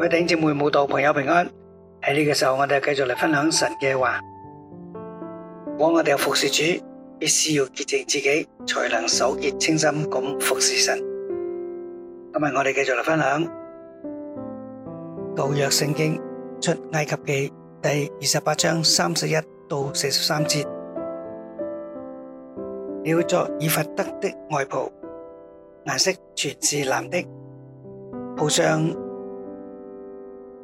各位兄弟姐妹聽眾朋友平安，喺呢個時候，我哋繼續嚟分享神嘅話。我哋有服侍主，必須要潔淨自己，才能守潔清心咁服侍神。今日我哋繼續嚟分享舊約聖經出埃及記第二十八章三十一到四十三節。了作以弗得的外袍，顏色全是藍的，袍上。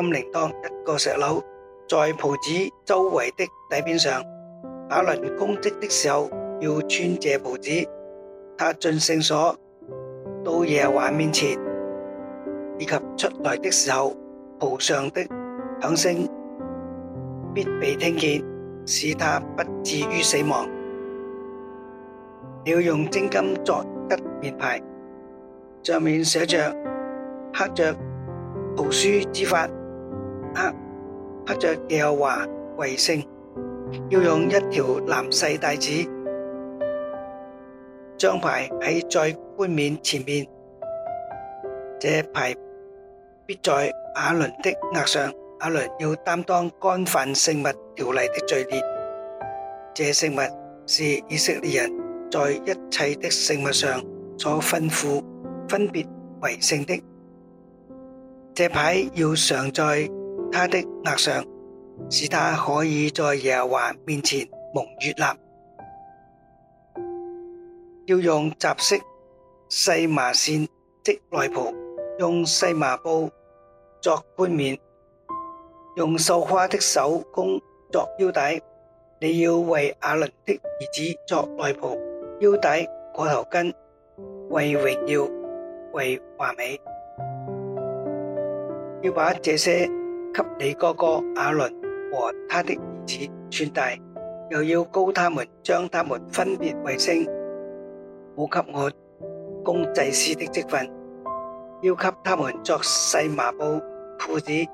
金鈴鐺一個石榴，在袍子周圍的底邊上。打輪供職的時候要穿這袍子。他進聖所，到耶和華面前，以及出來的時候，袍上的響聲必被聽見，使他不至於死亡。要用精金作一面牌，上面寫着，刻着圖書之法。黑、啊、刻着嘅話：為聖要用一條藍細帶子將牌喺在再冠冕前面，這牌必在亞倫的額上。亞倫要擔當干犯聖物條例的罪孽。這聖物是以色列人在一切的聖物上所吩咐分別為聖的。這牌要常在。他的額上，使他可以在耶和華面前蒙悅納。要用雜色細麻線織內袍，用細麻布作冠冕，用繡花的手工作腰帶。你要為亞倫的兒子作內袍、腰帶、裹頭巾，為榮耀，為華美。要把這些。給你哥哥亞倫和他的兒子穿戴，又要膏他們將他們分別為聖，補給我供祭司的職分，要給他們作細麻布褲子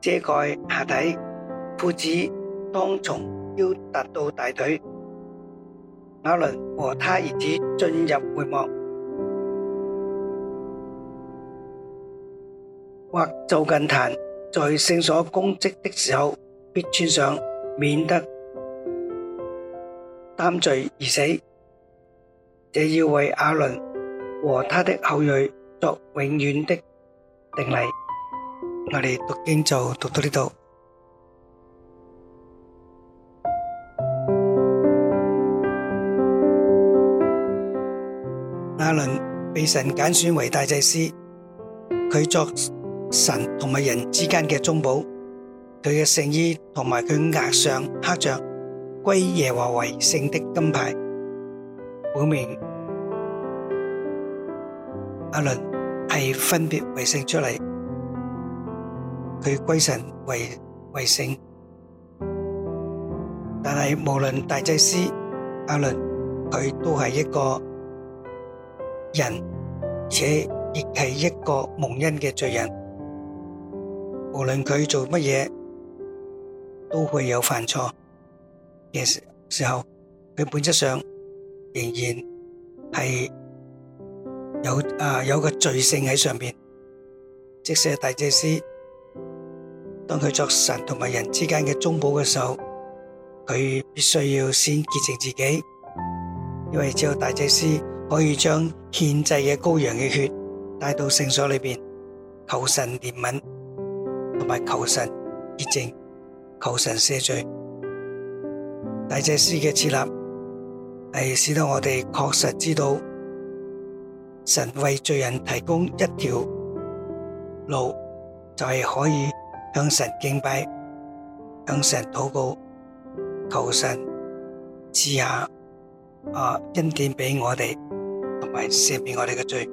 遮蓋下體，褲子當從腰達到大腿。亞倫和他兒子進入會幕，或就近壇，在聖所供職的時候，必穿上，免得擔罪而死。這要為亞倫和他的後裔作永遠的定例。我哋讀經就讀到呢度。亞倫被神揀選為大祭司，佢作。神同埋人之間嘅中保，佢嘅聖衣同埋佢額上刻著，歸耶和華為聖的金牌，表明阿倫係分別為聖出嚟。佢歸神為為聖，但係無論大祭司阿倫，佢都係一個人，而且亦係一個蒙恩嘅罪人。無論佢做乜嘢，都會有犯錯嘅時候。佢本質上仍然是有啊有個罪性喺上面。即使大祭司當佢作神同埋人之間嘅中保嘅時候，佢必須要先潔淨自己，因為只有大祭司可以將獻祭嘅羔羊嘅血帶到聖所裏邊求神憐憫。同埋求神，潔淨，求神，赦罪。大祭司嘅設立，係使到我哋確實知道，神為罪人提供一條路，就係可以向神敬拜，向神，禱告，求神，賜下，啊，恩典俾我哋，同埋赦免我哋嘅罪。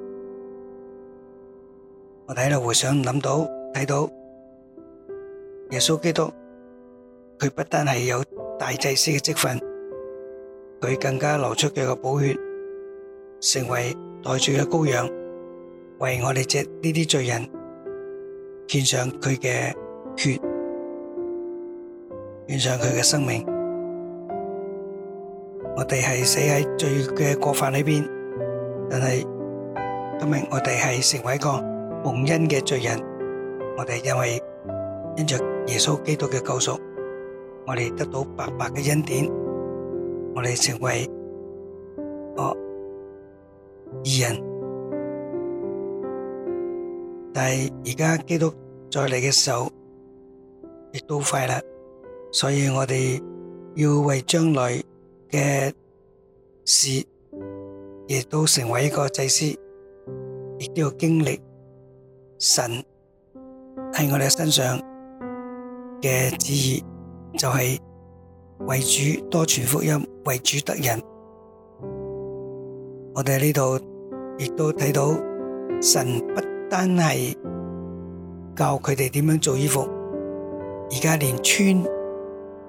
我睇到回想諗到睇到。耶穌基督佢不單係有大祭司嘅職份，佢更加流出佢嘅寶血，成為代罪嘅羔羊，為我哋只呢啲罪人獻上佢嘅血，獻上佢嘅生命。我哋係死喺罪嘅國法裏面，但係今日我哋係成為一個蒙恩嘅罪人，我哋因為。因着耶穌基督嘅救贖，我哋得到白白嘅恩典，我哋成為，哦，義人。但係而家基督再嚟嘅時候，亦都快啦，所以我哋要為將來嘅事，亦都成為一個祭司，亦都要經歷神喺我哋嘅身上。嘅旨意就係為主多傳福音，為主得人，我哋呢度亦都睇到神不單係教佢哋點樣做衣服，而家連穿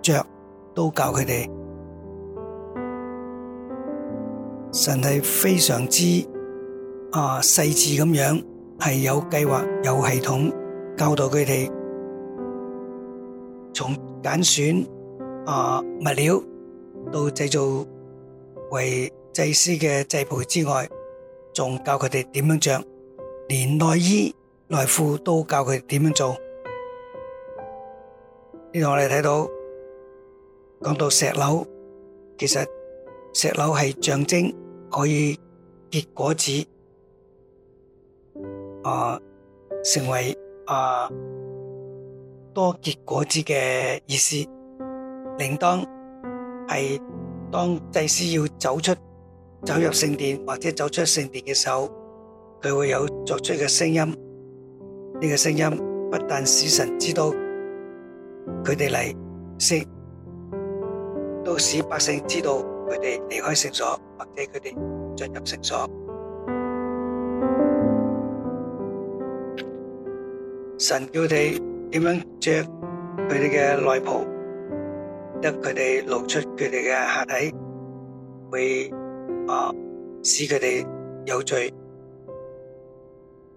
着都教佢哋，神係非常之啊細致咁樣，係有計劃有系統教導佢哋。從揀選啊物料到製造，為祭司嘅祭袍之外，仲教佢哋點樣着，連內衣內褲都教佢哋點樣做。呢度我哋睇到講到石榴，其實石榴係象徵可以結果子啊，成為啊。多結果子嘅意思，鈴鐺係當祭司要走出、走入聖殿，或者走出聖殿嘅時候，佢會有作出嘅聲音。呢個聲音不但使神知道佢哋嚟聖，都使百姓知道佢哋離開聖所，或者佢哋進入聖所。神叫你。點樣着佢哋嘅內袍，得佢哋露出佢哋嘅下體，會啊使佢哋有罪，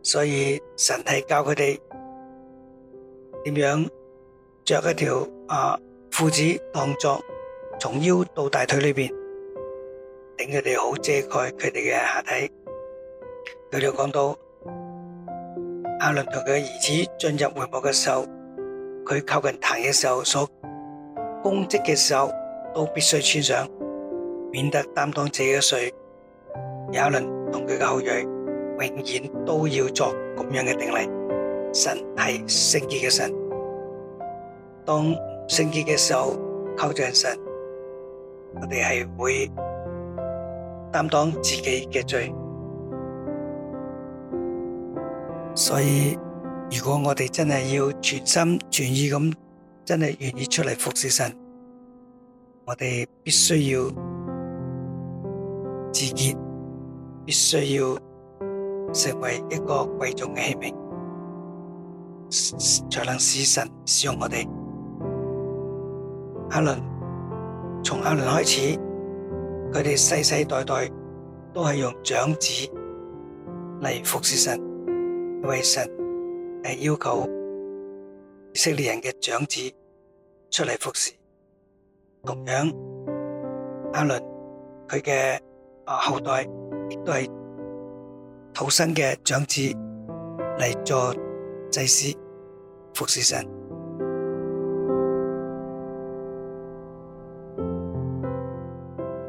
所以神係教佢哋點樣着一條啊褲子，當作從腰到大腿裏面，令佢哋好遮蓋佢哋嘅下體。佢哋講到。阿倫同佢嘅兒子進入會幕嘅時候，佢靠近壇嘅時候，所供職嘅時候，都必須穿上，免得擔當自己嘅罪。阿倫同佢嘅後裔永遠都要作噉樣嘅定例。神係聖潔嘅神，當聖潔嘅時候靠近神，我哋係會擔當自己嘅罪。所以，如果我哋真係要全心全意咁，真係願意出嚟服侍神，我哋必須要自潔，必須要成為一個貴重嘅器皿，才能使神使用我哋。阿倫，從阿倫開始，佢哋世世代代都係用長子嚟服侍神。為神係要求以色列人嘅長子出嚟服侍。同樣亞倫佢嘅後代亦都係土生嘅長子嚟做祭司服侍神。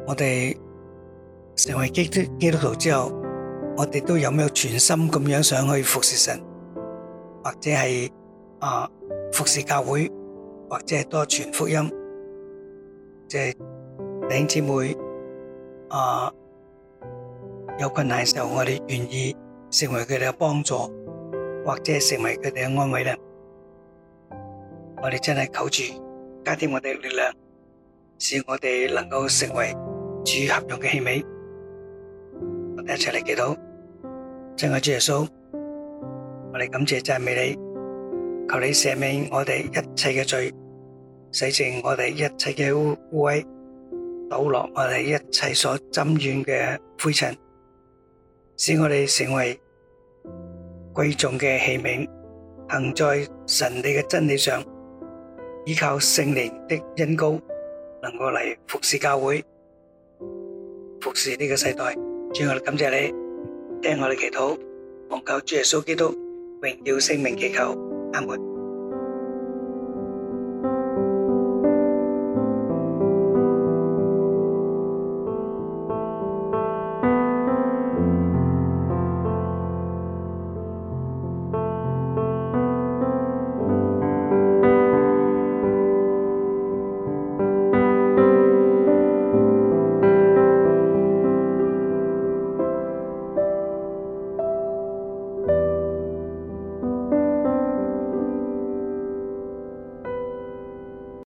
我哋成為基督基督徒之後。我哋都有冇全心咁樣想去服侍神，或者係啊服侍教會，或者係多傳福音，即係弟兄姊妹啊有困難時候，我哋願意成為佢哋嘅幫助，或者成為佢哋嘅安慰啦。我哋真係求主，加添我哋嘅力量，使我哋能夠成為主合用嘅器皿。一齊嚟祈禱，親愛主耶穌，我哋感謝讚美你，求你赦免我哋一切嘅罪，洗淨我哋一切嘅污穢，抖落我哋一切所沾染嘅灰塵，使我哋成為貴重嘅器皿，行在神你嘅真理上，依靠聖靈的恩膏，能夠嚟服侍教會，服侍呢個世代。主我哋感謝你聽我哋祈禱，求主耶穌基督榮耀聖名，祈求阿門。